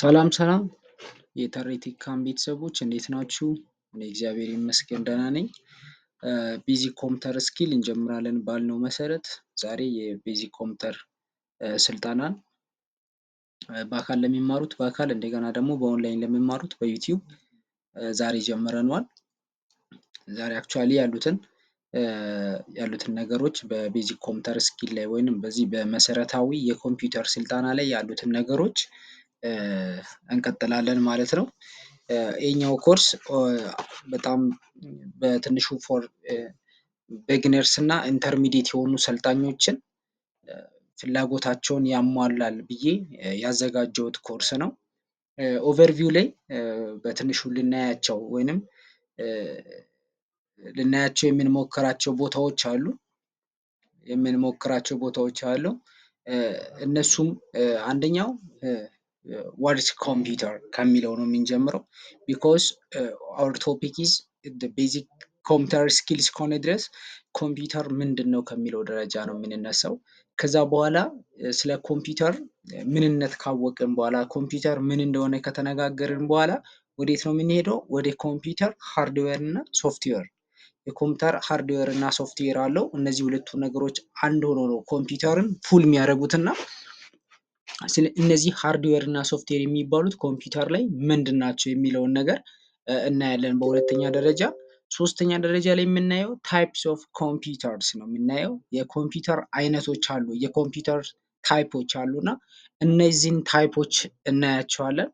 ሰላም ሰላም የተሬ ቤተሰቦች እንዴት ናችሁ? እኔ እግዚአብሔር ይመስገን ደህና ነኝ። ቤዚክ ኮምፒውተር ስኪል እንጀምራለን ባልነው መሰረት ዛሬ የቤዚክ ኮምፒውተር ስልጠናን በአካል ለሚማሩት በአካል እንደገና ደግሞ በኦንላይን ለሚማሩት በዩቲዩብ ዛሬ ጀምረነዋል። ዛሬ አክቹዋሊ ያሉትን ያሉትን ነገሮች በቤዚክ ኮምፒውተር ስኪል ላይ ወይንም በዚህ በመሰረታዊ የኮምፒውተር ስልጠና ላይ ያሉትን ነገሮች እንቀጥላለን ማለት ነው። ይህኛው ኮርስ በጣም በትንሹ ፎር ቢግነርስ እና ኢንተርሚዲየት የሆኑ ሰልጣኞችን ፍላጎታቸውን ያሟላል ብዬ ያዘጋጀሁት ኮርስ ነው። ኦቨርቪው ላይ በትንሹ ልናያቸው ወይንም ልናያቸው የምንሞክራቸው ቦታዎች አሉ የምንሞክራቸው ቦታዎች አሉ። እነሱም አንደኛው ዋትስ uh, ኮምፒውተር ከሚለው ነው የምንጀምረው ቢኮዝ አወር ቶፒክ ኢዝ ቤዚክ ኮምፒውተር ስኪል እስከሆነ ድረስ ኮምፒውተር ምንድን ነው ከሚለው ደረጃ ነው የምንነሳው። ከዛ በኋላ uh, ስለ ኮምፒውተር ምንነት ካወቅን በኋላ ኮምፒውተር ምን እንደሆነ ከተነጋገርን በኋላ ወዴት ነው የምንሄደው? ወደ ኮምፒውተር ሃርድዌር እና ሶፍትዌር። የኮምፒውተር ሃርድዌር እና ሶፍትዌር አለው። እነዚህ ሁለቱ ነገሮች አንድ ሆኖ ነው ኮምፒውተርን ፉል የሚያደርጉትና እነዚህ ሃርድዌር እና ሶፍትዌር የሚባሉት ኮምፒውተር ላይ ምንድን ናቸው የሚለውን ነገር እናያለን በሁለተኛ ደረጃ። ሶስተኛ ደረጃ ላይ የምናየው ታይፕስ ኦፍ ኮምፒውተርስ ነው የምናየው የኮምፒውተር አይነቶች አሉ የኮምፒውተር ታይፖች አሉ እና እነዚህን ታይፖች እናያቸዋለን።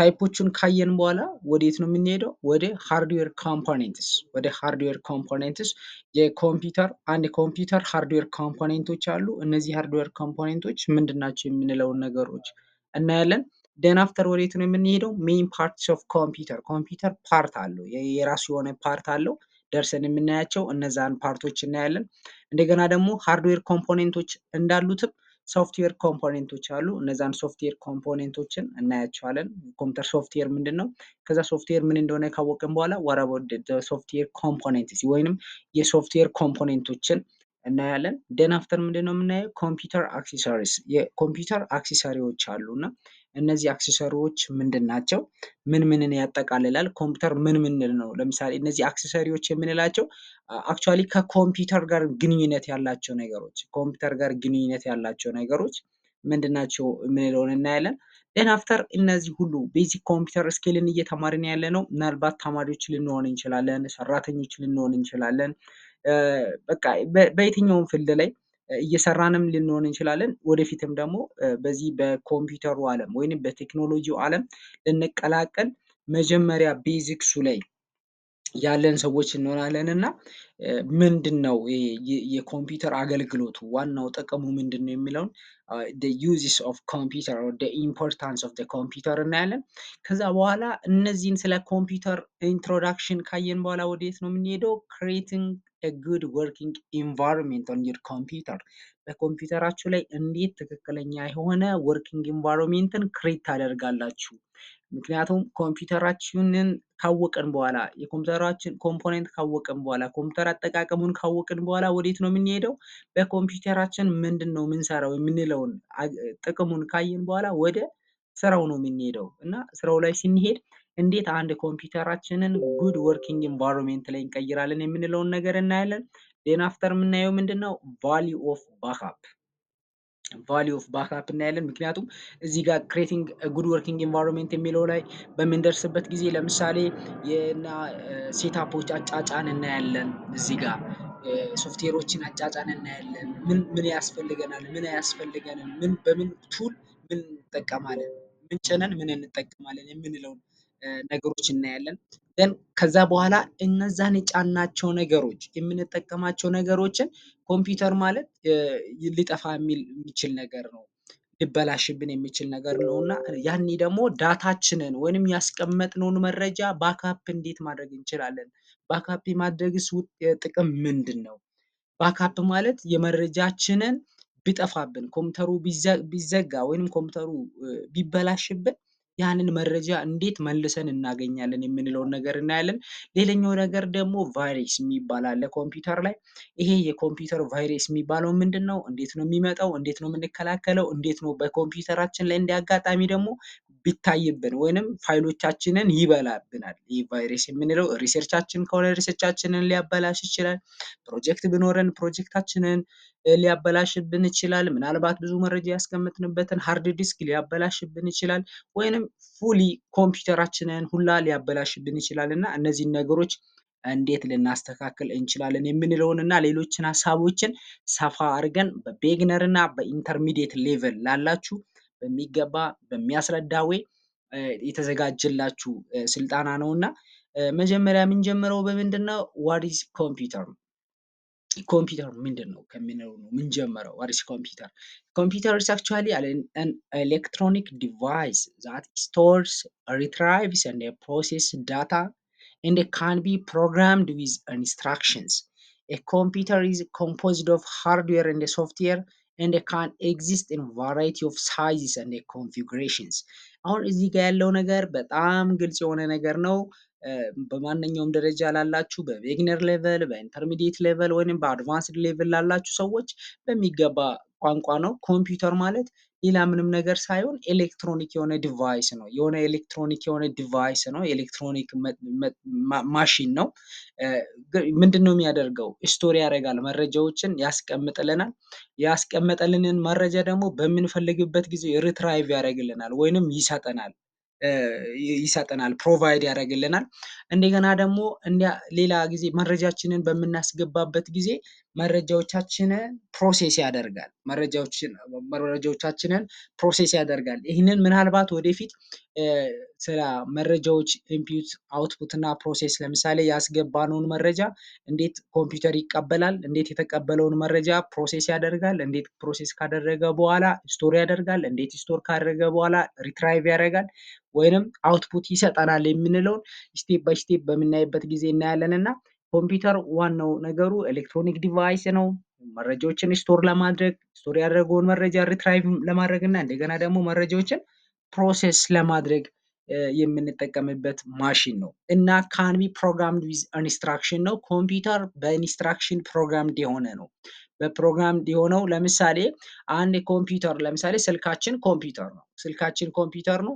ታይፖቹን ካየን በኋላ ወዴት ነው የምንሄደው? ወደ ሃርድዌር ኮምፖኔንትስ ወደ ሃርድዌር ኮምፖኔንትስ የኮምፒውተር አንድ ኮምፒውተር ሃርድዌር ኮምፖኔንቶች አሉ። እነዚህ ሃርድዌር ኮምፖኔንቶች ምንድናቸው የምንለውን ነገሮች እናያለን። ደን አፍተር ወዴት ነው የምንሄደው? ሜይን ፓርትስ ኦፍ ኮምፒውተር ኮምፒውተር ፓርት አለው የራሱ የሆነ ፓርት አለው። ደርሰን የምናያቸው እነዛን ፓርቶች እናያለን። እንደገና ደግሞ ሃርድዌር ኮምፖኔንቶች እንዳሉትም ሶፍትዌር ኮምፖኔንቶች አሉ። እነዛን ሶፍትዌር ኮምፖኔንቶችን እናያቸዋለን። ኮምፒውተር ሶፍትዌር ምንድን ነው? ከዛ ሶፍትዌር ምን እንደሆነ ካወቅን በኋላ ሶፍትዌር ኮምፖኔንት ወይንም የሶፍትዌር ኮምፖኔንቶችን እናያለን። ደን አፍተር ምንድነው የምናየው ኮምፒውተር አክሴሰሪስ የኮምፒውተር አክሴሰሪዎች አሉ እና እነዚህ አክሴሰሪዎች ምንድን ናቸው? ምን ምንን ያጠቃልላል? ኮምፒውተር ምን ምን ነው? ለምሳሌ እነዚህ አክሰሰሪዎች የምንላቸው አክቹዋሊ ከኮምፒውተር ጋር ግንኙነት ያላቸው ነገሮች ኮምፒውተር ጋር ግንኙነት ያላቸው ነገሮች ምንድን ናቸው የምንለውን እናያለን። ደን አፍተር እነዚህ ሁሉ ቤዚክ ኮምፒውተር እስኪልን እየተማርን ያለ ነው። ምናልባት ተማሪዎች ልንሆን እንችላለን፣ ሰራተኞች ልንሆን እንችላለን። በቃ በየትኛውም ፊልድ ላይ እየሰራንም ልንሆን እንችላለን። ወደፊትም ደግሞ በዚህ በኮምፒውተሩ ዓለም ወይም በቴክኖሎጂው ዓለም ልንቀላቀል መጀመሪያ ቤዚክሱ ላይ ያለን ሰዎች እንሆናለን እና ምንድን ነው የኮምፒውተር አገልግሎቱ ዋናው ጥቅሙ ምንድን ነው የሚለውን ዩዚስ ኦፍ ኮምፒውተር ኢምፖርታንስ ኦፍ ኮምፒውተር እናያለን። ከዛ በኋላ እነዚህን ስለ ኮምፒውተር ኢንትሮዳክሽን ካየን በኋላ ወደየት ነው የምንሄደው? ክሬቲንግ ጉድ ወርኪንግ ኢንቫይሮንመንት ኦን ዩር ኮምፒውተር በኮምፒውተራችሁ ላይ እንዴት ትክክለኛ የሆነ ወርኪንግ ኢንቫይሮንመንትን ክሬት ታደርጋላችሁ ምክንያቱም ኮምፒውተራችንን ካወቀን በኋላ የኮምፒውተራችን ኮምፖኔንት ካወቀን በኋላ ኮምፒውተር አጠቃቀሙን ካወቀን በኋላ ወዴት ነው የምንሄደው? በኮምፒውተራችን ምንድን ነው የምንሰራው የምንለውን ጥቅሙን ካየን በኋላ ወደ ስራው ነው የምንሄደው እና ስራው ላይ ስንሄድ እንዴት አንድ ኮምፒውተራችንን ጉድ ወርኪንግ ኢንቫይሮንሜንት ላይ እንቀይራለን የምንለውን ነገር እናያለን። ዴን አፍተር የምናየው ምንድን ነው ቫሊዩ ኦፍ ባክአፕ ቫሊዩ ኦፍ ባክአፕ እናያለን። ምክንያቱም እዚህ ጋር ክሬቲንግ ጉድ ወርኪንግ ኤንቫይሮንሜንት የሚለው ላይ በምንደርስበት ጊዜ ለምሳሌ የና ሴታፖች አጫጫን እናያለን። እዚህ ጋር ሶፍትዌሮችን አጫጫን እናያለን። ምን ምን ያስፈልገናል፣ ምን አያስፈልገንም፣ ምን በምን ቱል ምን እንጠቀማለን፣ ምን ጭነን ምን እንጠቀማለን የምንለውን ነገሮች እናያለን። ግን ከዛ በኋላ እነዛን የጫናቸው ነገሮች የምንጠቀማቸው ነገሮችን ኮምፒውተር ማለት ሊጠፋ የሚችል ነገር ነው፣ ሊበላሽብን የሚችል ነገር ነው እና ያኔ ደግሞ ዳታችንን ወይንም ያስቀመጥነውን መረጃ ባካፕ እንዴት ማድረግ እንችላለን? ባካፕ የማድረግስ ጥቅም ምንድን ነው? ባካፕ ማለት የመረጃችንን ቢጠፋብን ኮምፒውተሩ ቢዘጋ ወይንም ኮምፒውተሩ ቢበላሽብን ያንን መረጃ እንዴት መልሰን እናገኛለን የምንለውን ነገር እናያለን። ሌላኛው ነገር ደግሞ ቫይረስ የሚባል አለ ኮምፒውተር ላይ። ይሄ የኮምፒውተር ቫይረስ የሚባለው ምንድን ነው? እንዴት ነው የሚመጣው? እንዴት ነው የምንከላከለው? እንዴት ነው በኮምፒውተራችን ላይ እንደ አጋጣሚ ደግሞ ቢታይብን ወይንም ፋይሎቻችንን ይበላብናል። ይህ ቫይረስ የምንለው ሪሰርቻችን ከሆነ ሪሰርቻችንን ሊያበላሽ ይችላል። ፕሮጀክት ብኖረን ፕሮጀክታችንን ሊያበላሽብን ይችላል። ምናልባት ብዙ መረጃ ያስቀምጥንበትን ሀርድ ዲስክ ሊያበላሽብን ይችላል። ወይንም ፉሊ ኮምፒውተራችንን ሁላ ሊያበላሽብን ይችላል እና እነዚህን ነገሮች እንዴት ልናስተካክል እንችላለን የምንለውን እና ሌሎችን ሀሳቦችን ሰፋ አድርገን በቤግነር እና በኢንተርሚዲየት ሌቨል ላላችሁ በሚገባ በሚያስረዳ ወይ የተዘጋጀላችሁ ስልጠና ነው እና መጀመሪያ የምንጀምረው በምንድን ነው ዋሪስ ኮምፒውተር ነው። ኮምፒውተር ምንድን ነው ከሚለው ነው የምንጀምረው። ዋሪስ ኮምፒውተር ኮምፒውተር ኢስ አክቹዋሊ አን ኤሌክትሮኒክ ዲቫይስ ዛት ስቶርስ ሪትራይቭስ ኤንድ ፕሮሴስ ዳታ ኤንድ ካን ቢ ፕሮግራምድ ዊዝ ኢንስትራክሽንስ ኮምፒውተር ኢዝ ኮምፖዝድ ኦፍ ሃርድዌር ኤንድ ሶፍትዌር and they can exist in variety of sizes and configurations አሁን እዚህ ጋር ያለው ነገር በጣም ግልጽ የሆነ ነገር ነው። በማንኛውም ደረጃ ላላችሁ በቢግነር ሌቨል፣ በኢንተርሚዲየት ሌቨል ወይም በአድቫንስድ ሌቨል ላላችሁ ሰዎች በሚገባ ቋንቋ ነው። ኮምፒውተር ማለት ሌላ ምንም ነገር ሳይሆን ኤሌክትሮኒክ የሆነ ዲቫይስ ነው። የሆነ ኤሌክትሮኒክ የሆነ ዲቫይስ ነው። ኤሌክትሮኒክ ማሽን ነው። ምንድን ነው የሚያደርገው? ስቶር ያደርጋል። መረጃዎችን ያስቀምጥልናል። ያስቀመጠልንን መረጃ ደግሞ በምንፈልግበት ጊዜ ሪትራይቭ ያደርግልናል ወይንም ይሰጠናል ይሰጠናል ፕሮቫይድ ያደርግልናል። እንደገና ደግሞ ሌላ ጊዜ መረጃችንን በምናስገባበት ጊዜ መረጃዎቻችንን ፕሮሴስ ያደርጋል። መረጃዎቻችንን ፕሮሴስ ያደርጋል። ይህንን ምናልባት ወደፊት ስለ መረጃዎች ኢምፒዩት አውትፑት እና ፕሮሴስ ለምሳሌ ያስገባነውን መረጃ እንዴት ኮምፒውተር ይቀበላል፣ እንዴት የተቀበለውን መረጃ ፕሮሴስ ያደርጋል፣ እንዴት ፕሮሴስ ካደረገ በኋላ ስቶር ያደርጋል፣ እንዴት ስቶር ካደረገ በኋላ ሪትራይቭ ያደርጋል ወይንም አውትፑት ይሰጠናል የምንለውን ስቴፕ ባይ ስቴፕ በምናይበት ጊዜ እናያለን እና ኮምፒውተር ዋናው ነገሩ ኤሌክትሮኒክ ዲቫይስ ነው። መረጃዎችን ስቶር ለማድረግ ስቶር ያደረገውን መረጃ ሪትራይቭ ለማድረግ እና እንደገና ደግሞ መረጃዎችን ፕሮሰስ ለማድረግ የምንጠቀምበት ማሽን ነው እና ካን ቢ ፕሮግራምድ ዊዝ ኢንስትራክሽን ነው። ኮምፒውተር በኢንስትራክሽን ፕሮግራምድ የሆነ ነው። በፕሮግራም የሆነው ለምሳሌ አንድ ኮምፒውተር ለምሳሌ ስልካችን ኮምፒውተር ነው። ስልካችን ኮምፒውተር ነው።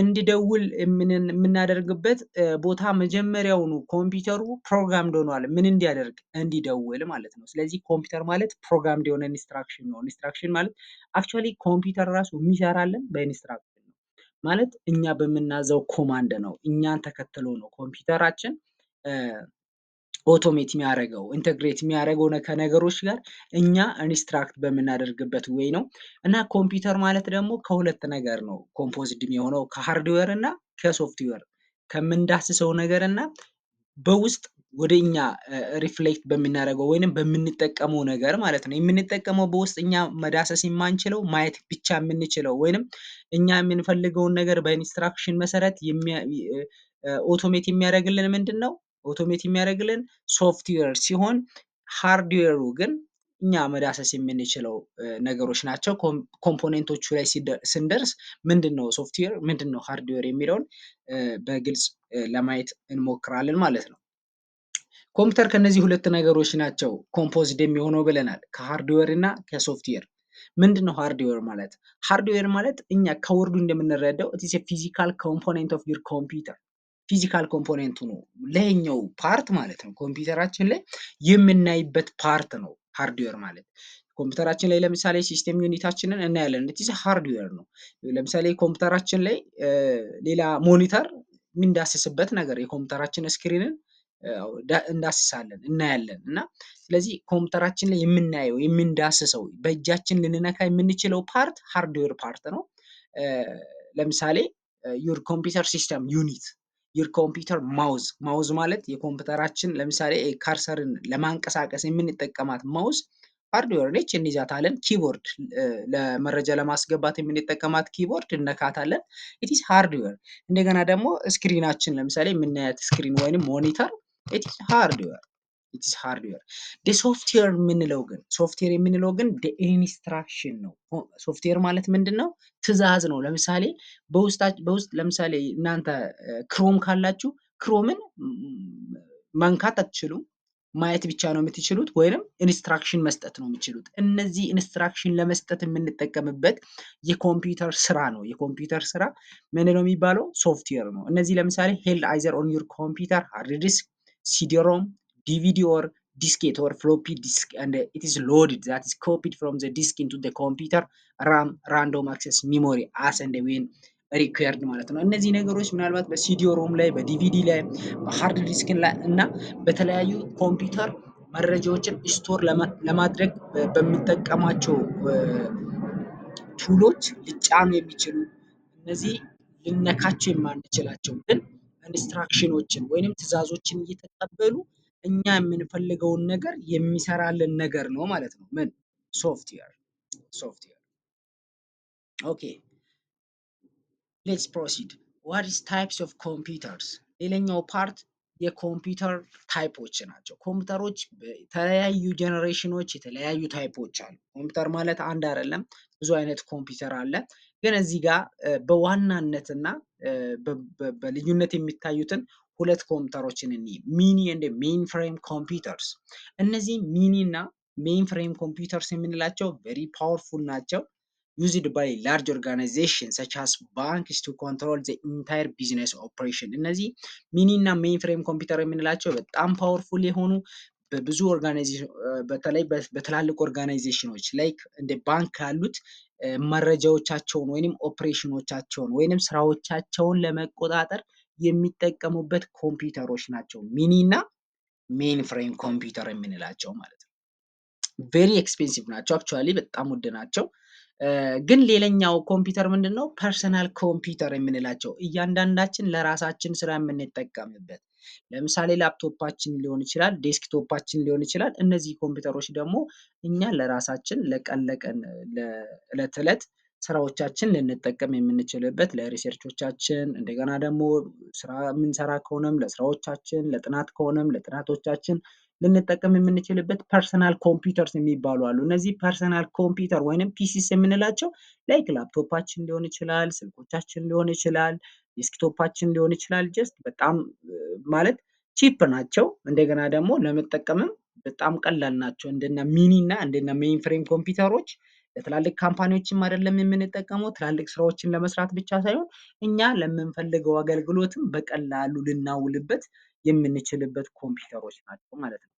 እንዲደውል የምናደርግበት ቦታ መጀመሪያውኑ ኮምፒውተሩ ፕሮግራም ሆኗል። ምን እንዲያደርግ እንዲደውል ማለት ነው። ስለዚህ ኮምፒውተር ማለት ፕሮግራም የሆነ ኢንስትራክሽን ነው። ኢንስትራክሽን ማለት አክቹዋሊ ኮምፒውተር ራሱ የሚሰራለን በኢንስትራክሽን ነው። ማለት እኛ በምናዘው ኮማንድ ነው። እኛን ተከትሎ ነው ኮምፒውተራችን ኦቶሜት የሚያደርገው ኢንተግሬት የሚያደርገው ከነገሮች ጋር እኛ ኢንስትራክት በምናደርግበት ወይ ነው እና ኮምፒውተር ማለት ደግሞ ከሁለት ነገር ነው ኮምፖዝድ የሆነው ከሃርድዌር እና ከሶፍትዌር ከምንዳስሰው ነገር እና በውስጥ ወደ እኛ ሪፍሌክት በምናደርገው ወይንም በምንጠቀመው ነገር ማለት ነው። የምንጠቀመው በውስጥ እኛ መዳሰስ የማንችለው ማየት ብቻ የምንችለው ወይንም እኛ የምንፈልገውን ነገር በኢንስትራክሽን መሰረት ኦቶሜት የሚያደርግልን ምንድን ነው ኦቶሜት የሚያደርግልን ሶፍትዌር ሲሆን ሃርድዌሩ ግን እኛ መዳሰስ የምንችለው ነገሮች ናቸው። ኮምፖኔንቶቹ ላይ ስንደርስ ምንድን ነው ሶፍትዌር፣ ምንድን ነው ሃርድዌር የሚለውን በግልጽ ለማየት እንሞክራለን ማለት ነው። ኮምፒውተር ከነዚህ ሁለት ነገሮች ናቸው ኮምፖዝድ የሚሆነው ብለናል፣ ከሃርድዌር እና ከሶፍትዌር። ምንድን ነው ሃርድዌር ማለት? ሃርድዌር ማለት እኛ ከወርዱ እንደምንረዳው ፊዚካል ኮምፖኔንት ኦፍ ዩር ኮምፒውተር ፊዚካል ኮምፖኔንቱ ነው። ላይኛው ፓርት ማለት ነው። ኮምፒውተራችን ላይ የምናይበት ፓርት ነው ሃርድዌር ማለት ኮምፒውተራችን ላይ ለምሳሌ ሲስተም ዩኒታችንን እናያለን። እንዲህ ሃርድዌር ነው። ለምሳሌ ኮምፒውተራችን ላይ ሌላ ሞኒተር የምንዳስስበት ነገር የኮምፒውተራችን ስክሪንን እንዳስሳለን እናያለን። እና ስለዚህ ኮምፒውተራችን ላይ የምናየው የምንዳስሰው በእጃችን ልንነካ የምንችለው ፓርት ሃርድዌር ፓርት ነው። ለምሳሌ ዩር ኮምፒውተር ሲስተም ዩኒት ዩር ኮምፒውተር ማውዝ ማውዝ ማለት የኮምፒውተራችን ለምሳሌ ካርሰርን ለማንቀሳቀስ የምንጠቀማት ማውዝ ሃርድዌር ነች። እንይዛታለን። ኪቦርድ ለመረጃ ለማስገባት የምንጠቀማት ኪቦርድ እነካታለን። ኢትስ ሃርድዌር። እንደገና ደግሞ ስክሪናችን ለምሳሌ የምናያት ስክሪን ወይም ሞኒተር ኢትስ ሃርድዌር። ኢትስ ሃርድዌር ሶፍትዌር የምንለው ግን ሶፍትዌር የምንለው ግን ኢንስትራክሽን ነው። ሶፍትዌር ማለት ምንድን ነው? ትዕዛዝ ነው። ለምሳሌ በውስጥ ለምሳሌ እናንተ ክሮም ካላችሁ ክሮምን መንካት አትችሉም። ማየት ብቻ ነው የምትችሉት፣ ወይንም ኢንስትራክሽን መስጠት ነው የምትችሉት። እነዚህ ኢንስትራክሽን ለመስጠት የምንጠቀምበት የኮምፒውተር ስራ ነው። የኮምፒውተር ስራ ምን ነው የሚባለው? ሶፍትዌር ነው። እነዚህ ለምሳሌ ሄልድ አይዘር ኦን ዩር ኮምፒውተር ሃርድ ዲስክ ሲዲሮም DVD or diskette or floppy disk and uh, it is loaded that is copied from the disk into the computer ram random access memory as and when ሪኩዌርድ ማለት ነው። እነዚህ ነገሮች ምናልባት በሲዲ ሮም ላይ በዲቪዲ ላይ በሃርድ ዲስክ ላይ እና በተለያዩ ኮምፒውተር መረጃዎችን ስቶር ለማድረግ በሚጠቀማቸው ቱሎች ሊጫኑ የሚችሉ እነዚህ ልነካቸው የማንችላቸው ግን ኢንስትራክሽኖችን ወይንም ትዕዛዞችን እየተቀበሉ እኛ የምንፈልገውን ነገር የሚሰራልን ነገር ነው ማለት ነው። ምን ሶፍትዌር ሶፍትዌር። ኦኬ ሌትስ ፕሮሲድ ዋት ኢስ ታይፕስ ኦፍ ኮምፒውተርስ። ሌላኛው ፓርት የኮምፒውተር ታይፖች ናቸው። ኮምፒውተሮች በተለያዩ ጀኔሬሽኖች የተለያዩ ታይፖች አሉ። ኮምፒውተር ማለት አንድ አይደለም፣ ብዙ አይነት ኮምፒውተር አለ። ግን እዚህ ጋር እና በልዩነት የሚታዩትን ሁለት ኮምፒውተሮችን እኒ ሚኒ እንደ ሜን ፍሬም ኮምፒውተርስ። እነዚህ ሚኒ እና ሜን ፍሬም ኮምፒውተርስ የምንላቸው ቬሪ ፓወርፉል ናቸው። ዩዝድ ባይ ላርጅ ኦርጋናይዜሽን ሰች አስ ባንክስ ቱ ኮንትሮል ዘ ኢንታየር ቢዝነስ ኦፕሬሽን። እነዚህ ሚኒ እና ሜን ፍሬም ኮምፒውተር የምንላቸው በጣም ፓወርፉል የሆኑ በብዙ ኦርጋናይዜሽን በተለይ በትላልቅ ኦርጋናይዜሽኖች ላይክ እንደ ባንክ ያሉት መረጃዎቻቸውን ወይንም ኦፕሬሽኖቻቸውን ወይንም ስራዎቻቸውን ለመቆጣጠር የሚጠቀሙበት ኮምፒውተሮች ናቸው። ሚኒ እና ሜን ፍሬም ኮምፒውተር የምንላቸው ማለት ነው። ቬሪ ኤክስፔንሲቭ ናቸው። አክቹዋሊ በጣም ውድ ናቸው። ግን ሌላኛው ኮምፒውተር ምንድን ነው? ፐርሰናል ኮምፒውተር የምንላቸው እያንዳንዳችን ለራሳችን ስራ የምንጠቀምበት ለምሳሌ ላፕቶፓችን ሊሆን ይችላል፣ ዴስክቶፓችን ሊሆን ይችላል። እነዚህ ኮምፒውተሮች ደግሞ እኛ ለራሳችን ለቀን ለቀን ለእለት እለት ስራዎቻችን ልንጠቀም የምንችልበት ለሪሰርቾቻችን እንደገና ደግሞ ስራ የምንሰራ ከሆነም ለስራዎቻችን ለጥናት ከሆነም ለጥናቶቻችን ልንጠቀም የምንችልበት ፐርሰናል ኮምፒውተርስ የሚባሉ አሉ። እነዚህ ፐርሰናል ኮምፒውተር ወይንም ፒሲስ የምንላቸው ላይክ ላፕቶፓችን ሊሆን ይችላል፣ ስልኮቻችን ሊሆን ይችላል፣ ዴስክቶፓችን ሊሆን ይችላል ጀስት በጣም ማለት ቺፕ ናቸው። እንደገና ደግሞ ለመጠቀምም በጣም ቀላል ናቸው። እንደነ ሚኒ እና እንደነ ሜይን ፍሬም ኮምፒውተሮች ለትላልቅ ካምፓኒዎችም አይደለም የምንጠቀመው ትላልቅ ስራዎችን ለመስራት ብቻ ሳይሆን እኛ ለምንፈልገው አገልግሎትም በቀላሉ ልናውልበት የምንችልበት ኮምፒውተሮች ናቸው ማለት ነው።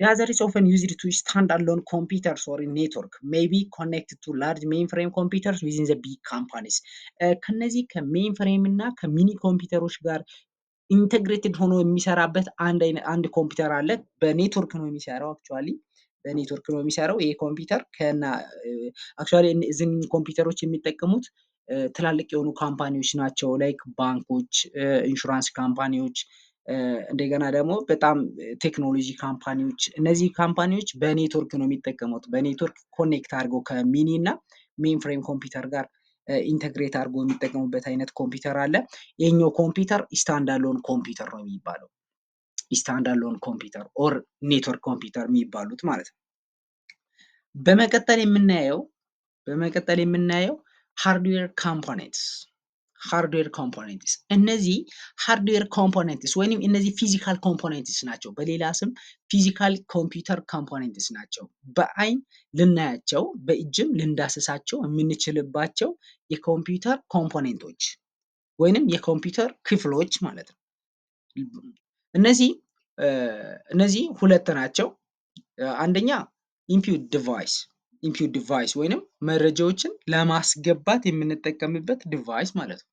The other is often used to standalone computers or network ኮኔክትድ ቱ ላርጅ large ፍሬም ኮምፒውተርስ ዊዝን ዘ ቢግ ካምፓኒስ። ከነዚህ ፍሬም እና ከሚኒ ኮምፒውተሮች ጋር ኢንተግሬትድ ሆኖ የሚሰራበት አንድ ኮምፒውተር አለ። በኔትወርክ ነው የሚሰራው አክቹዋሊ በኔትወርክ ነው የሚሰራው ይሄ ኮምፒውተር ከና አክቹዋሊ እዚህ ኮምፒውተሮች የሚጠቀሙት ትላልቅ የሆኑ ካምፓኒዎች ናቸው። ላይክ ባንኮች፣ ኢንሹራንስ ካምፓኒዎች እንደገና ደግሞ በጣም ቴክኖሎጂ ካምፓኒዎች እነዚህ ካምፓኒዎች በኔትወርክ ነው የሚጠቀሙት። በኔትወርክ ኮኔክት አድርገው ከሚኒ እና ሜን ፍሬም ኮምፒውተር ጋር ኢንተግሬት አድርጎ የሚጠቀሙበት አይነት ኮምፒውተር አለ። ይህኛው ኮምፒውተር ስታንዳሎን ኮምፒውተር ነው የሚባለው። ስታንድ ኮምፒውተር ኦር ኔትወርክ ኮምፒውተር የሚባሉት ማለት ነው። በመቀጠል የምናየው በመቀጠል የምናየው ሃርድዌር ኮምፖኔንትስ ሃርድዌር ኮምፖኔንትስ እነዚህ ሃርድዌር ኮምፖኔንትስ ወይም እነዚህ ፊዚካል ኮምፖኔንትስ ናቸው። በሌላ ስም ፊዚካል ኮምፒውተር ኮምፖኔንትስ ናቸው። በአይን ልናያቸው በእጅም ልንዳስሳቸው የምንችልባቸው የኮምፒውተር ኮምፖኔንቶች ወይንም የኮምፒውተር ክፍሎች ማለት ነው። እነዚህ እነዚህ ሁለት ናቸው። አንደኛ ኢምፒዩት ዲቫይስ ኢምፒዩት ዲቫይስ ወይንም መረጃዎችን ለማስገባት የምንጠቀምበት ዲቫይስ ማለት ነው።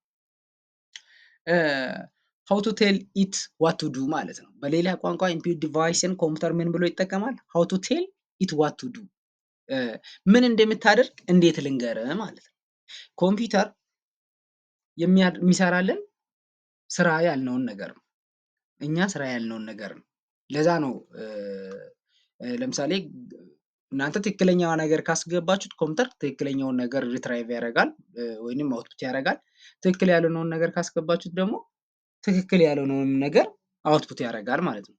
ሀው ቱ ቴል ኢት ዋት ቱ ዱ ማለት ነው። በሌላ ቋንቋ ኢምፒዩት ዲቫይስን ኮምፒውተር ምን ብሎ ይጠቀማል? ሀው ቱ ቴል ኢት ዋት ቱ ዱ ምን እንደምታደርግ እንዴት ልንገር ማለት ነው። ኮምፒውተር የሚሰራልን ስራ ያልነውን ነገር ነው። እኛ ስራ ያልነውን ነገር ነው። ለዛ ነው ለምሳሌ እናንተ ትክክለኛዋ ነገር ካስገባችሁት ኮምፒውተር ትክክለኛውን ነገር ሪትራይቭ ያደርጋል ወይም አውትፑት ያደርጋል። ትክክል ያልሆነውን ነገር ካስገባችሁት ደግሞ ትክክል ያልሆነውን ነገር አውትፑት ያደርጋል ማለት ነው።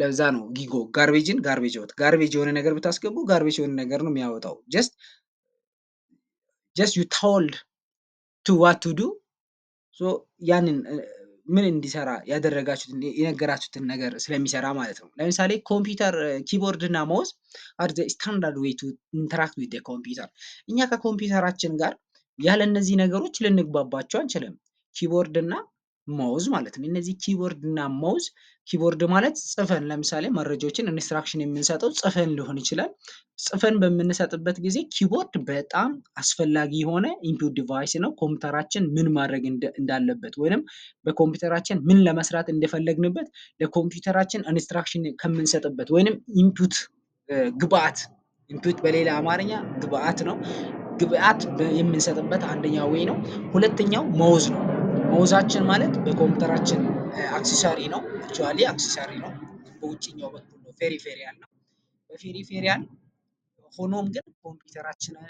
ለዛ ነው ጊጎ ጋርቤጅን ጋርቤጅ ወት ጋርቤጅ የሆነ ነገር ብታስገቡ ጋርቤጅ የሆነ ነገር ነው የሚያወጣው። ጀስት ጀስት ዩ ታውልድ ቱ ዋት ቱ ዱ ያንን ምን እንዲሰራ ያደረጋችሁትን የነገራችሁትን ነገር ስለሚሰራ ማለት ነው። ለምሳሌ ኮምፒውተር ኪቦርድ እና ማውዝ አር ስታንዳርድ ዌይ ቱ ኢንተራክት ዊዝ ኮምፒውተር። እኛ ከኮምፒውተራችን ጋር ያለ እነዚህ ነገሮች ልንግባባቸው አንችልም። ኪቦርድ እና ማውዝ ማለት ነው። እነዚህ ኪቦርድ እና ማውዝ ኪቦርድ ማለት ጽፈን ለምሳሌ መረጃዎችን ኢንስትራክሽን የምንሰጠው ጽፈን ሊሆን ይችላል። ጽፈን በምንሰጥበት ጊዜ ኪቦርድ በጣም አስፈላጊ የሆነ ኢንፑት ዲቫይስ ነው። ኮምፒውተራችን ምን ማድረግ እንዳለበት ወይንም በኮምፒውተራችን ምን ለመስራት እንደፈለግንበት ለኮምፒውተራችን ኢንስትራክሽን ከምንሰጥበት ወይንም ኢንፑት ግብአት ኢንፑት በሌላ አማርኛ ግብአት ነው። ግብአት የምንሰጥበት አንደኛው ወይ ነው። ሁለተኛው ማውዝ ነው። ማውዛችን ማለት በኮምፒውተራችን አክሰሰሪ ነው። አክቹዋሊ አክሰሰሪ ነው። በውጭኛው በኩል ነው ፔሪፌሪያል ነው። በፔሪፌሪያል ሆኖም ግን ኮምፒውተራችንን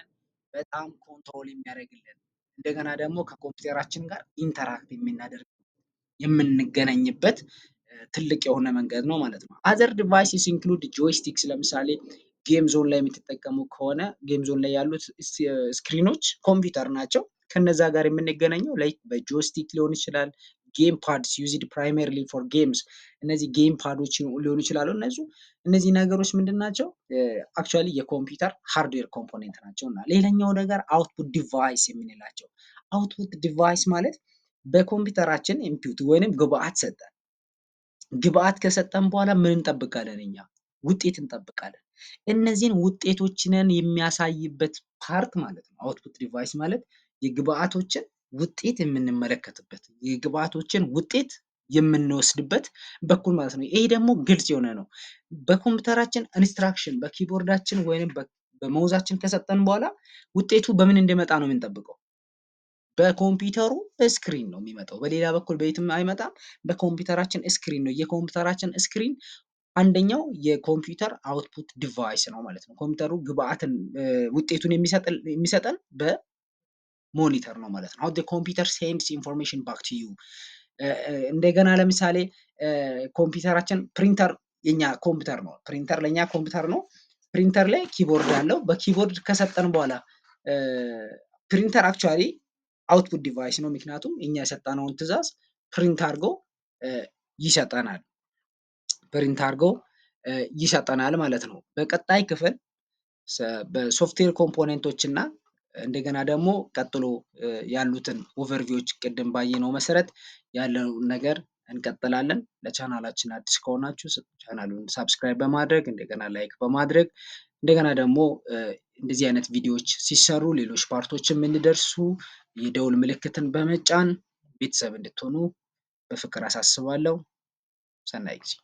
በጣም ኮንትሮል የሚያደርግልን እንደገና ደግሞ ከኮምፒውተራችን ጋር ኢንተራክት የምናደርግ የምንገናኝበት ትልቅ የሆነ መንገድ ነው ማለት ነው። አዘር ዲቫይስስ ኢንክሉድ ጆይስቲክስ ለምሳሌ ጌም ዞን ላይ የምትጠቀሙ ከሆነ ጌም ዞን ላይ ያሉት ስክሪኖች ኮምፒውተር ናቸው። ከነዛ ጋር የምንገናኘው ላይክ በጆስቲክ ሊሆን ይችላል። ጌም ፓድስ ዩዝድ ፕራይመሪሊ ፎር ጌምስ እነዚህ ጌም ፓዶች ሊሆኑ ይችላሉ። እነዚህ እነዚህ ነገሮች ምንድን ናቸው? አክቹዋሊ የኮምፒውተር ሃርድዌር ኮምፖኔንት ናቸው እና ሌላኛው ነገር አውትፑት ዲቫይስ የምንላቸው አውትፑት ዲቫይስ ማለት በኮምፒውተራችን ኢምፒዩት ወይንም ግብአት ሰጠን። ግብአት ከሰጠን በኋላ ምን እንጠብቃለን? እኛ ውጤት እንጠብቃለን። እነዚህን ውጤቶችንን የሚያሳይበት ፓርት ማለት ነው አውትፑት ዲቫይስ ማለት የግብአቶችን ውጤት የምንመለከትበት የግብአቶችን ውጤት የምንወስድበት በኩል ማለት ነው። ይሄ ደግሞ ግልጽ የሆነ ነው። በኮምፒውተራችን ኢንስትራክሽን በኪቦርዳችን ወይም በመውዛችን ከሰጠን በኋላ ውጤቱ በምን እንደመጣ ነው የምንጠብቀው። በኮምፒውተሩ ስክሪን ነው የሚመጣው። በሌላ በኩል በየትም አይመጣም። በኮምፒውተራችን ስክሪን ነው። የኮምፒውተራችን ስክሪን አንደኛው የኮምፒውተር አውትፑት ዲቫይስ ነው ማለት ነው። ኮምፒውተሩ ግብአትን ውጤቱን የሚሰጠን በ ሞኒተር ነው ማለት ነው። ኮምፒውተር ሴንድስ ኢንፎርሜሽን ባክ ቱ ዩ። እንደገና ለምሳሌ ኮምፒውተራችን ፕሪንተር የኛ ኮምፒውተር ነው። ፕሪንተር ለእኛ ኮምፒውተር ነው። ፕሪንተር ላይ ኪቦርድ አለው። በኪቦርድ ከሰጠን በኋላ ፕሪንተር አክቹዋሊ አውትፑት ዲቫይስ ነው። ምክንያቱም እኛ የሰጠነውን ትዕዛዝ ፕሪንት አድርጎ ይሰጠናል። ፕሪንት አድርጎ ይሰጠናል ማለት ነው። በቀጣይ ክፍል በሶፍትዌር ኮምፖኔንቶች እና እንደገና ደግሞ ቀጥሎ ያሉትን ኦቨርቪዎች ቅድም ባየነው መሰረት ያለውን ነገር እንቀጥላለን። ለቻናላችን አዲስ ከሆናችሁ ቻናሉን ሳብስክራይብ በማድረግ እንደገና ላይክ በማድረግ እንደገና ደግሞ እንደዚህ አይነት ቪዲዮዎች ሲሰሩ ሌሎች ፓርቶችን እንዲደርሱ የደውል ምልክትን በመጫን ቤተሰብ እንድትሆኑ በፍቅር አሳስባለሁ። ሰናይ ጊዜ